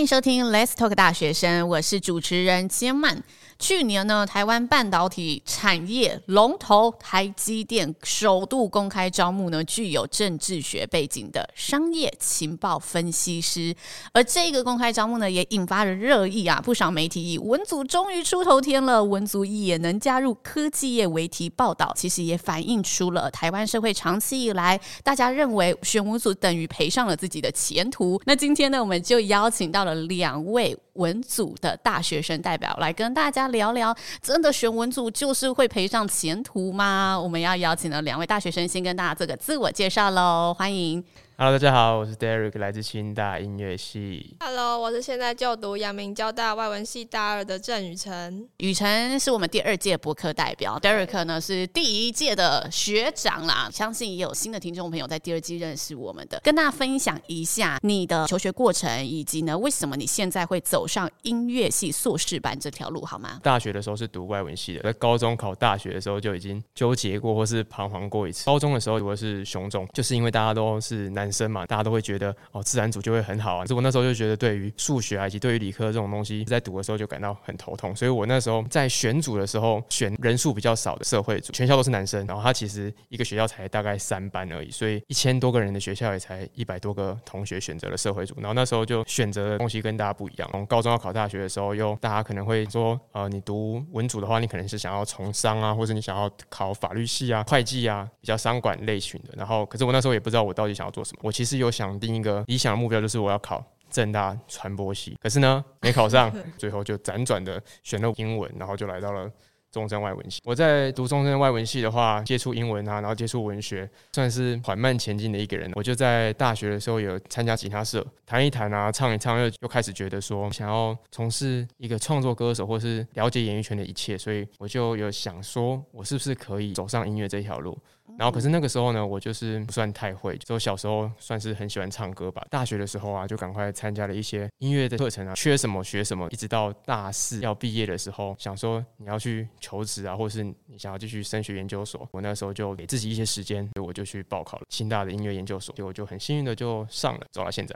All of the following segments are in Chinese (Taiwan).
歡迎收聽《Let's Talk 大學聲》，我是主持人千嫚。去年呢，台灣半導體產業龍頭台積電首度公開招募呢，具有政治學背景的商業情報分析師。而這個公開招募呢，也引發了熱議啊！不少媒體以“文組終於出頭天了，文組也能加入科技業”為題報道，其實也反映出了台灣社會長期以來大家認為選文組等於賠上了自己的前途。那今天呢，我們就邀請到了兩位。文組的大學生代表來跟大家聊聊，真的選文組就是會賠上前途嗎？我們要邀請的兩位大學生先跟大家做個自我介紹嘍，歡迎。Hello，大家好，我是 Derrick，來自清大音樂系。Hello，我是現在就讀陽明交大外文系大二的鄭羽辰。羽辰是我們第二屆播客代表，Derrick 呢是第一屆的學長啦。相信也有新的聽眾朋友在第二季認識我們的，跟大家分享一下你的求學過程，以及呢為什麼你現在會走上音樂系碩士班這條路，好嗎？大學的時候是讀外文系的，在高中考大學的時候就已經糾結過或是彷徨過一次。高中的時候讀的是雄中，就是因為大家都是男。生嘛，大家都會覺得哦，自然組就會很好啊。所以我那時候就覺得，對於數學啊，以及對於理科這種東西，在讀的時候就感到很頭痛。所以我那時候在選組的時候，選人數比較少的社會組，全校都是男生。然後他其實一個學校才大概三班而已，所以一千多個人的學校也才一百多個同學選擇了社會組。然後那時候就選擇的東西跟大家不一樣。從高中要考大學的時候，又大家可能會說，呃，你讀文組的話，你可能是想要從商啊，或者你想要考法律系啊、會計啊，比較商管類型的。然後，可是我那時候也不知道我到底想要做什麼。我其實有想定一個理想的目標，就是我要考政大傳播系，可是呢，沒考上，最後就輾轉的選了英文，然後就來到了中山外文系。我在讀中山外文系的話，接觸英文啊，然後接觸文學，算是緩慢前進的一個人。我就在大學的時候有參加吉他社，彈一彈啊，唱一唱，又又開始覺得說想要從事一個創作歌手，或是了解演藝圈的一切，所以我就有想說我是不是可以走上音樂這條路。然後，可是那個時候呢，我就是不算太會，就我小時候算是很喜歡唱歌吧。大學的時候啊，就趕快參加了一些音樂的課程啊，缺什麼學什麼。一直到大四要畢業的時候，想說你要去求職啊，或是你想要繼續升學研究所，我那時候就給自己一些時間，我就去報考了清大的音樂研究所，結果就很幸運的就上了，走到現在。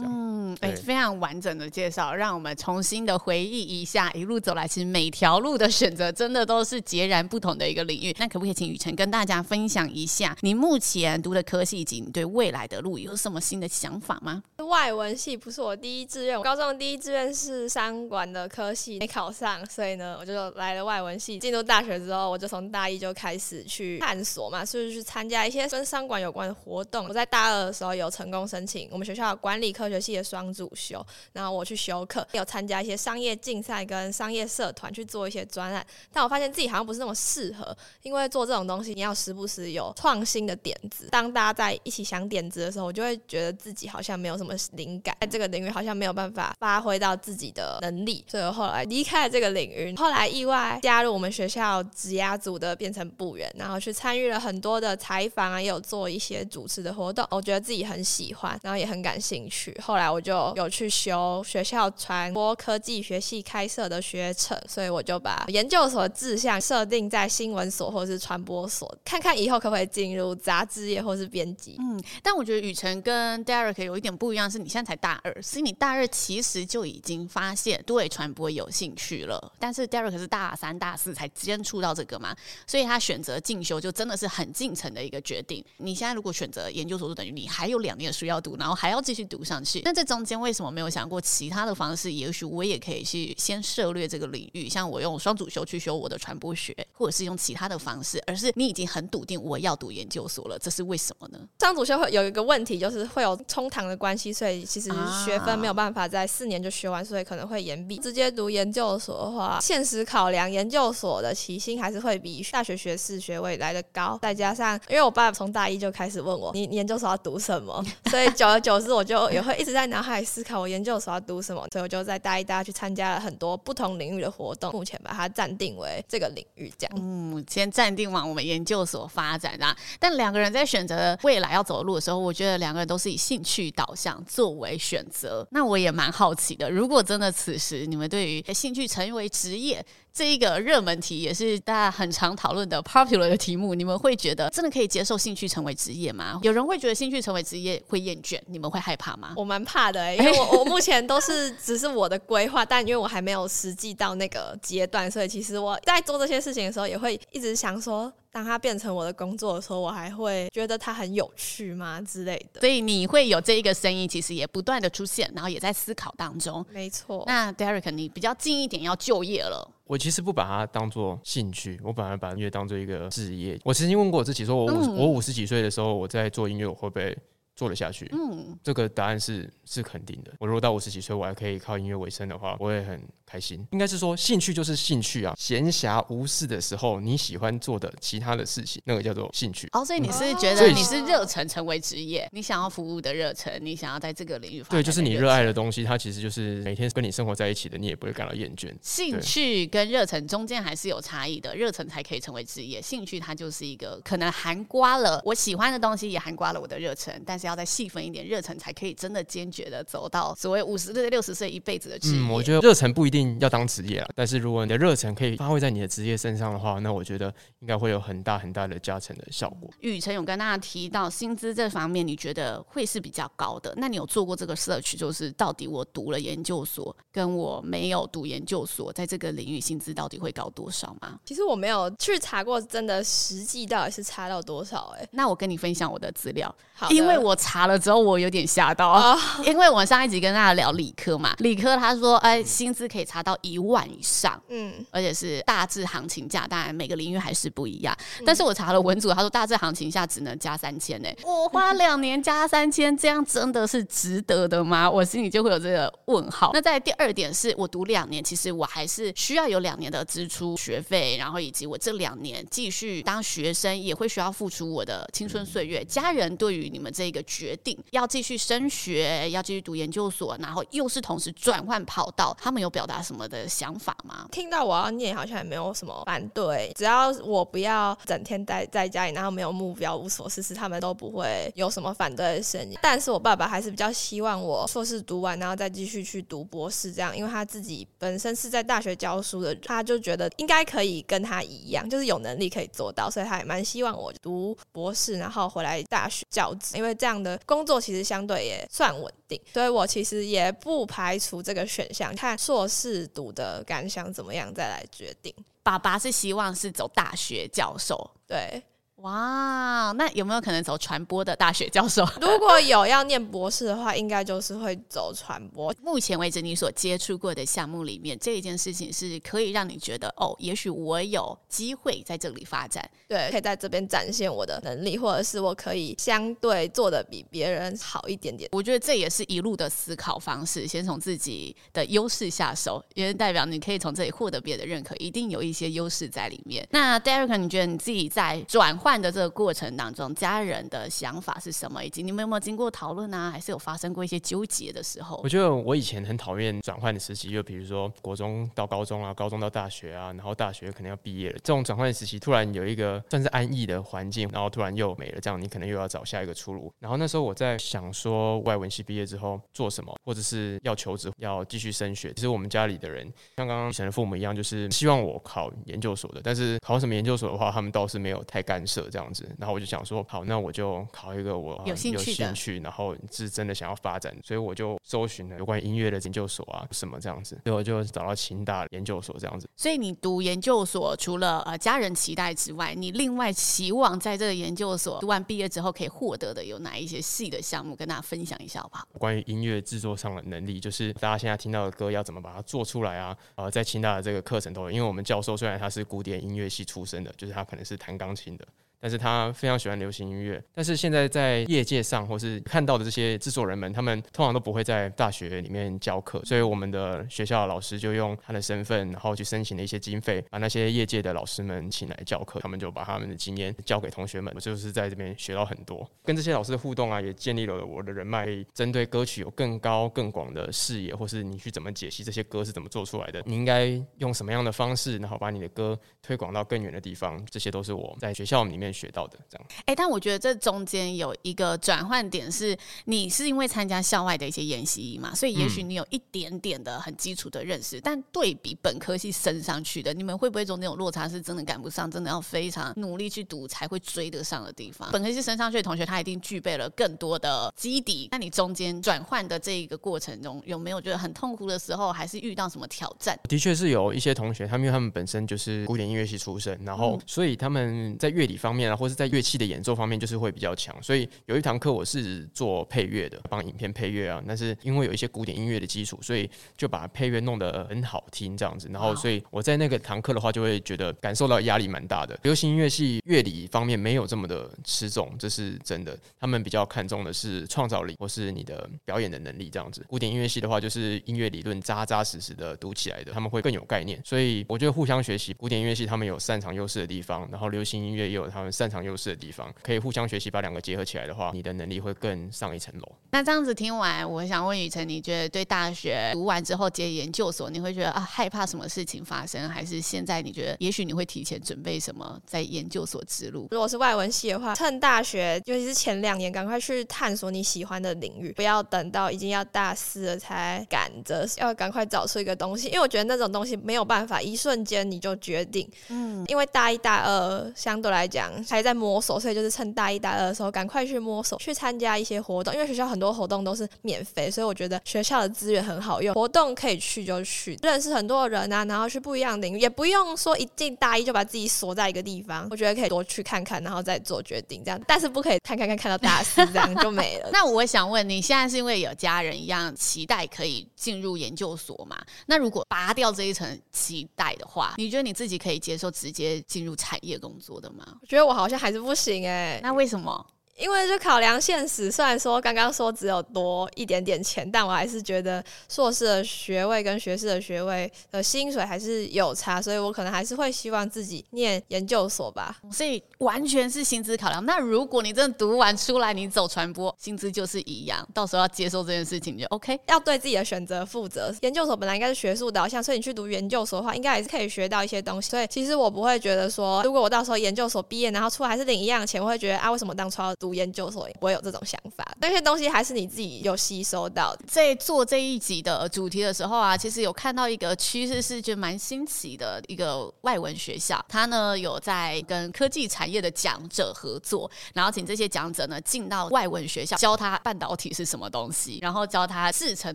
嗯，哎、欸，非常完整的介紹，讓我們重新的回憶一下，一路走來，其實每條路的選擇，真的都是截然不同的一個領域。那可不可以請羽辰跟大家分享一下，你目前讀的科系，以及你對未來的路有什麼新的想法嗎？外文系不是我第一志願，我高中的第一志願是商管的科系，沒考上，所以呢，我就來了外文系。進入大學之後，我就從大一就開始去探索嘛，所以就去參加一些跟商管有關的活動。我在大二的時候有成功申請我們學校的管理科學系的雙主修，然後我去修課，有參加一些商業競賽跟商業社團，去做一些專案，但我發現自己好像不是那麼適合，因為做這種東西，你要時不時有創新的點子。當大家在一起想點子的時候，我就會覺得自己好像沒有什麼靈感，在這個領域好像沒有辦法發揮到自己的能力，所以後來離開了這個領域。後來意外加入我們學校職涯組的，變成部員，然後去參與了很多的採訪啊，也有做一些主持的活動，我覺得自己很喜歡，然後也很感興趣。後來我就有去修學校傳播科技學系開設的學程，所以我就把研究所的志向設定在新聞所或者是傳播所，看看以後可不可以進入雜誌業或是編輯。嗯，但我覺得羽辰跟 Derrick 有一點不一樣，是你現在才大二，所以你大二其實就已經發現對傳播有興趣了，但是 Derrick 是大三、大四才接觸到這個嘛，所以他選擇進修就真的是很進程的一個決定。你現在如果選擇研究所，就等於你還有兩年的書要讀，然後還要繼續讀上。但這中間為什麼沒有想過其他的方式？也許我也可以去先涉獵這個領域，像我用雙主修去修我的傳播學，或者是用其他的方式。而是你已經很篤定我要讀研究所了，這是為什麼呢？雙主修會有一個問題，就是會有衝堂的關係，所以其實學分沒有辦法在四年就學完，啊、所以可能會延畢。直接讀研究所的話，現實考量，研究所的起薪還是會比大學學士學位來得高。再加上，因為我爸從大一就開始問我你，你研究所要讀什麼，所以久而久之我就有。 我會一直在腦海思考我研究所要讀什麼，所以我就在大一、大二去參加了很多不同領域的活動。目前把它暫定為這個領域，這樣，嗯，先暫定往我們研究所發展啊。但兩個人在選擇未來要走的路的時候，我覺得兩個人都是以興趣導向作為選擇。那我也蠻好奇的，如果真的此時你們對於興趣成為職業這一個熱門題，也是大家很常討論的 popular 的題目，你們會覺得真的可以接受興趣成為職業嗎？有人會覺得興趣成為職業會厭倦，你們會害怕嗎？我蠻怕的，欸，因為我我目前都是只是我的規劃， 但因為我還沒有實際到那個階段，所以其實我在做這些事情的時候，也會一直想說，當它變成我的工作的時候，我還會覺得它很有趣嗎之類的？所以你會有這一個聲音，其實也不斷的出現，然後也在思考當中。沒錯錯。那 Derrick，你比較近一點要就業了。我其實不把它當做興趣，我反而把音樂當做一個職業。我曾經問過我自己說，說我五、嗯、我五十幾歲的時候，我在做音樂，我會不會？做得下去，嗯，這個答案是是肯定的。我如果到五十幾歲，我還可以靠音樂為生的話，我也很開心。應該是說，興趣就是興趣啊，閒暇無事的時候，你喜歡做的其他的事情，那個叫做興趣。哦，所以你是覺得你是熱忱成為職業，你想要服務的熱忱，你想要在這個領域發展的熱忱。對，就是你熱愛的東西，它其實就是每天跟你生活在一起的，你也不會感到厭倦。興趣跟熱忱中間還是有差異的，熱忱才可以成為職業，興趣它就是一個可能含瓜了，我喜歡的東西也含瓜了我的熱忱，但是。要再細分一點，熱忱才可以真的堅決的走到所謂五十歲、六十歲一輩子的職業。嗯，我覺得熱忱不一定要當職業啊，但是如果你的熱忱可以發揮在你的職業身上的話，那我覺得應該會有很大很大的加成的效果。羽辰有跟大家提到薪資這方面，你覺得會是比較高的？那你有做過這個 search，就是到底我讀了研究所，跟我沒有讀研究所，在這個領域薪資到底會高多少嗎？其實我沒有去查過，真的實際到底是差到多少、欸？哎，那我跟你分享我的資料，好的因為我。查了之後，我有點嚇到，啊，因為我上一集跟大家聊理科嘛，理科他說，哎、欸，薪資可以查到一萬以上，嗯，mm. 而且是大致行情價，當然每個領域還是不一樣。Mm. 但是我查了文組，他說大致行情下只能加三千呢。 我花兩年加三千，這樣真的是值得的嗎？我心裡就會有這個問號。 那在第二點是，我讀兩年，其實我還是需要有兩年的支出學費，然後以及我這兩年繼續當學生，也會需要付出我的青春歲月。Mm. 家人對於你們這個。決定要繼續升學，要繼續讀研究所，然後又是同時轉換跑道，他們有表達什麼的想法嗎？聽到我要念，好像也沒有什麼反對，只要我不要整天待在家裡，然後沒有目標、無所事事，他們都不會有什麼反對的聲音。但是我爸爸還是比較希望我碩士讀完，然後再繼續去讀博士，這樣，因為他自己本身是在大學教書的，他就覺得應該可以跟他一樣，就是有能力可以做到，所以他也蠻希望我讀博士，然後回來大學教職，因為這樣。工作其實相對也算穩定，所以我其實也不排除這個選項，看碩士讀的感想怎麼樣再來決定。爸爸是希望是走大學教授。對。哇，wow, 那有沒有可能走傳播的大學教授？如果有要念博士的話， 應該就是會走傳播。目前為止，你所接觸過的項目裡面，這一件事情是可以讓你覺得哦，也許我有機會在這裡發展，對，可以在這邊展現我的能力，或者是我可以相對做得比別人好一點點。我覺得這也是一路的思考方式，先從自己的優勢下手，也是代表你可以從這裡獲得別人的認可，一定有一些優勢在裡面。那 Derrick，你覺得你自己在轉換？換的這個過程當中，家人的想法是什麼？以及你們有沒有經過討論啊？還是有發生過一些糾結的時候？我覺得我以前很討厭轉換的時期，就比如說國中到高中啊，高中到大學啊，然後大學可能要畢業了，這種轉換的時期，突然有一個算是安逸的環境，然後突然又沒了，這樣你可能又要找下一個出路。然後那時候我在想說外文系畢業之後做什麼，或者是要求職、要繼續升學。其實我們家裡的人像剛剛羽辰的父母一樣，就是希望我考研究所的，但是考什麼研究所的話，他們倒是沒有太干涉。這樣子，然後我就想說，好，那我就考一個我有興趣，然後是真的想要發展，所以我就搜尋了有關音樂的研究所啊，什麼這樣子，最後就找到清大研究所這樣子。所以你讀研究所，除了呃家人期待之外，你另外期望在這個研究所讀完畢業之後可以獲得的有哪一些細的項目，跟大家分享一下吧。關於音樂製作上的能力，就是大家現在聽到的歌要怎麼把它做出來啊？呃，在清大的這個課程都有，因為我們教授雖然他是古典音樂系出身的，就是他可能是彈鋼琴的。但是他非常喜歡流行音樂，但是現在在業界上或是看到的這些制作人們，他們通常都不會在大學裡面教課，所以我們的學校的老師就用他的身份，然後去申請了一些經費，把那些業界的老師們請來教課，他們就把他們的經驗交給同學們。我就是在這邊學到很多，跟這些老師的互動啊，也建立了我的人脈，針對歌曲有更高更廣的視野，或是你去怎麼解析這些歌是怎麼做出來的，你應該用什麼樣的方式，然後把你的歌推廣到更遠的地方，這些都是我在學校裡面。學到的這樣，哎、欸，但我覺得這中間有一個轉換點，是你是因為參加校外的一些研習嘛，所以也許你有一點點的很基礎的認識，嗯、但對比本科系升上去的，你們會不會從那種落差是真的趕不上，真的要非常努力去讀才會追得上的地方？嗯、本科系升上去的同學，他一定具備了更多的基底。那你中間轉換的這一個過程中，有沒有覺得很痛苦的時候，還是遇到什麼挑戰？的確是有一些同學，他們因為他們本身就是古典音樂系出身，然後所以他們在樂理方面，面啊，或是在樂器的演奏方面就是會比較強，所以有一堂課我是做配樂的，幫影片配樂啊。但是因為有一些古典音樂的基礎，所以就把配樂弄得很好聽這樣子。然後，所以我在那個堂課的話，就會覺得感受到壓力蠻大的。流行音樂系樂理方面沒有這麼的吃重，這是真的。他們比較看重的是創造力或是你的表演的能力這樣子。古典音樂系的話，就是音樂理論扎扎實實的讀起來的，他們會更有概念。所以我覺得互相學習，古典音樂系他們有擅長優勢的地方，然後流行音樂也有他們。擅長優勢的地方，可以互相學習，把兩個結合起來的話，你的能力會更上一層樓。那這樣子聽完，我想問羽辰，你覺得對大學讀完之後接研究所，你會覺得啊害怕什麼事情發生，還是現在你覺得也許你會提前準備什麼在研究所之路？如果是外文系的話，趁大學尤其是前兩年，趕快去探索你喜歡的領域，不要等到已經要大四了才趕着要趕快找出一個東西，因為我覺得那種東西沒有辦法一瞬間你就決定。嗯，因為大一大二相對來講。還在摸索，所以就是趁大一、大二的時候，趕快去摸索，去參加一些活動。因為學校很多活動都是免費，所以我覺得學校的資源很好用，活動可以去就去，認識很多人啊，然後去不一樣的領域，也不用說一進大一就把自己鎖在一個地方。我覺得可以多去看看，然後再做決定。這樣，但是不可以看看看看到大四這樣就沒了。 那我想問你，現在是因為有家人一樣期待可以進入研究所嗎？那如果拔掉這一層期待的話，你覺得你自己可以接受直接進入產業工作的嗎？我覺得。我好像還是不行哎、欸，那為什麼？因為就考量現實，雖然說剛剛說只有多一點點錢，但我還是覺得碩士的學位跟學士的學位的薪水還是有差，所以我可能還是會希望自己念研究所吧。所以完全是薪資考量。那如果你真的讀完出來，你走傳播，薪資就是一樣，到時候要接受這件事情就 OK，要對自己的選擇負責。研究所本來應該是學術導向，所以你去讀研究所的話，應該也是可以學到一些東西。所以其實我不會覺得說，如果我到時候研究所畢業，然後出來還是領一樣錢，我會覺得啊，為什麼當初要讀？讀研究所不會有這種想法，那些東西還是你自己有吸收到。在做這一集的主題的時候啊，其實有看到一個趨勢，是就蠻新奇的一個外文學校，他呢有在跟科技產業的講者合作，然後請這些講者呢進到外文學校教他半導體是什麼東西，然後教他製程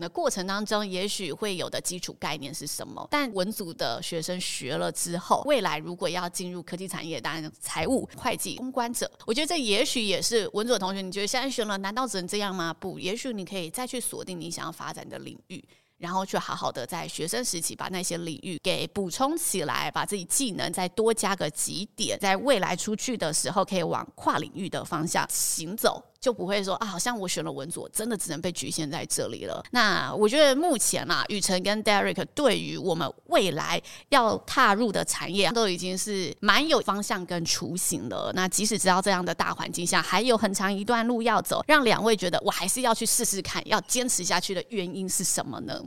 的過程當中也許會有的基礎概念是什麼。但文組的學生學了之後，未來如果要進入科技產業，當然財務、會計、公關者，我覺得這也許也是。文組同學，你覺得現在選了，難道只能這樣嗎？不，也許你可以再去鎖定你想要發展的領域，然後去好好的在學生時期把那些領域給補充起來，把自己技能再多加個幾點，在未來出去的時候可以往跨領域的方向行走。就不會說啊，好像我選了文組真的只能被局限在這裡了。那我覺得目前啊，羽辰跟 Derrick 對於我們未來要踏入的產業都已經是蠻有方向跟雛形的。那即使知道這樣的大環境下還有很長一段路要走，讓兩位覺得我還是要去試試看，要堅持下去的原因是什麼呢？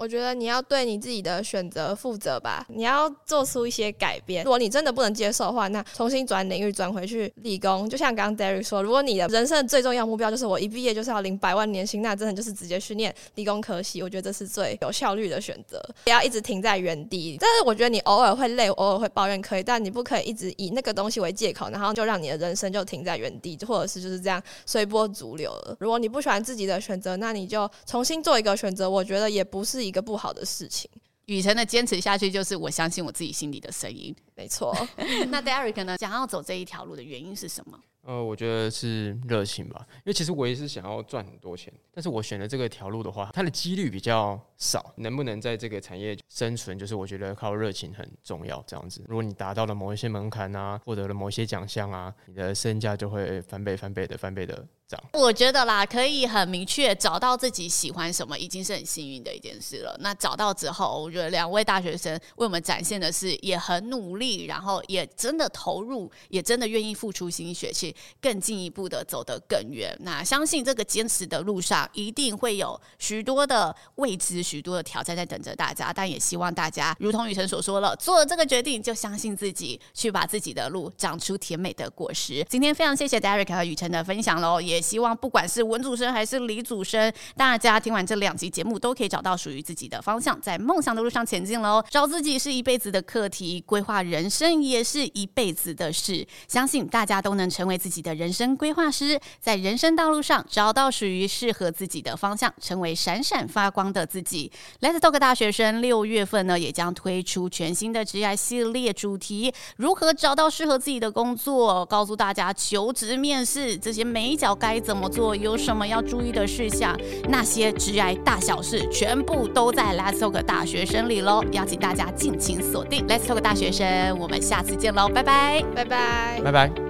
我覺得你要對你自己的選擇負責吧，你要做出一些改變。如果你真的不能接受的話，那重新轉領域，轉回去理工，就像剛剛 Derrick 說，如果你的人生最重要目標就是我一畢業就是要領百萬年薪，那真的就是直接訓練理工科系，我覺得這是最有效率的選擇。不要一直停在原地。但是我覺得你偶爾會累，偶爾會抱怨可以，但你不可以一直以那個東西為借口，然後就讓你的人生就停在原地，或者是就是這樣隨波逐流了。如果你不喜歡自己的選擇，那你就重新做一個選擇。我覺得也不是一。一個不好的事情，羽辰的堅持下去就是我相信我自己心裡的聲音，沒錯錯。 那 Derrick 呢，想要走這一條路的原因是什麼？呃，我覺得是熱情吧，因為其實我也是想要賺很多錢，但是我選的這個條路的話，它的幾率比較少，能不能在這個產業生存，就是我覺得靠熱情很重要。這樣子，如果你達到了某一些門檻啊，獲得了某一些獎項啊，你的身價就會翻倍、翻倍的、翻倍的。我覺得啦，可以很明確找到自己喜歡什麼，已經是很幸運的一件事了。那找到之後，我覺得兩位大學生為我們展現的是也很努力，然後也真的投入，也真的願意付出心血去更進一步的走得更遠。那相信這個堅持的路上，一定會有許多的未知、許多的挑戰在等着大家。但也希望大家如同羽辰所說了，做了這個決定就相信自己，去把自己的路長出甜美的果實。今天非常謝謝 Derrick 和羽辰的分享嘍，也。希望不管是文組生還是理組生，大家聽完這兩集節目都可以找到屬於自己的方向，在夢想的路上前進咯。找自己是一輩子的課題，規劃人生也是一輩子的事。相信大家都能成為自己的人生規劃師，在人生道路上找到屬於適合自己的方向，成為閃閃發光的自己。Let's Talk 大學聲，六月份呢也將推出全新的職業系列主題，如何找到適合自己的工作，告訴大家求職面試這些眉角。該怎麼做？有什麼要注意的事項？那些致癌大小事，全部都在《Let's Talk 大學生》裡嘍！邀請大家敬請鎖定《Let's Talk 大學生》，我們下次見嘍！拜拜拜拜拜拜。拜拜。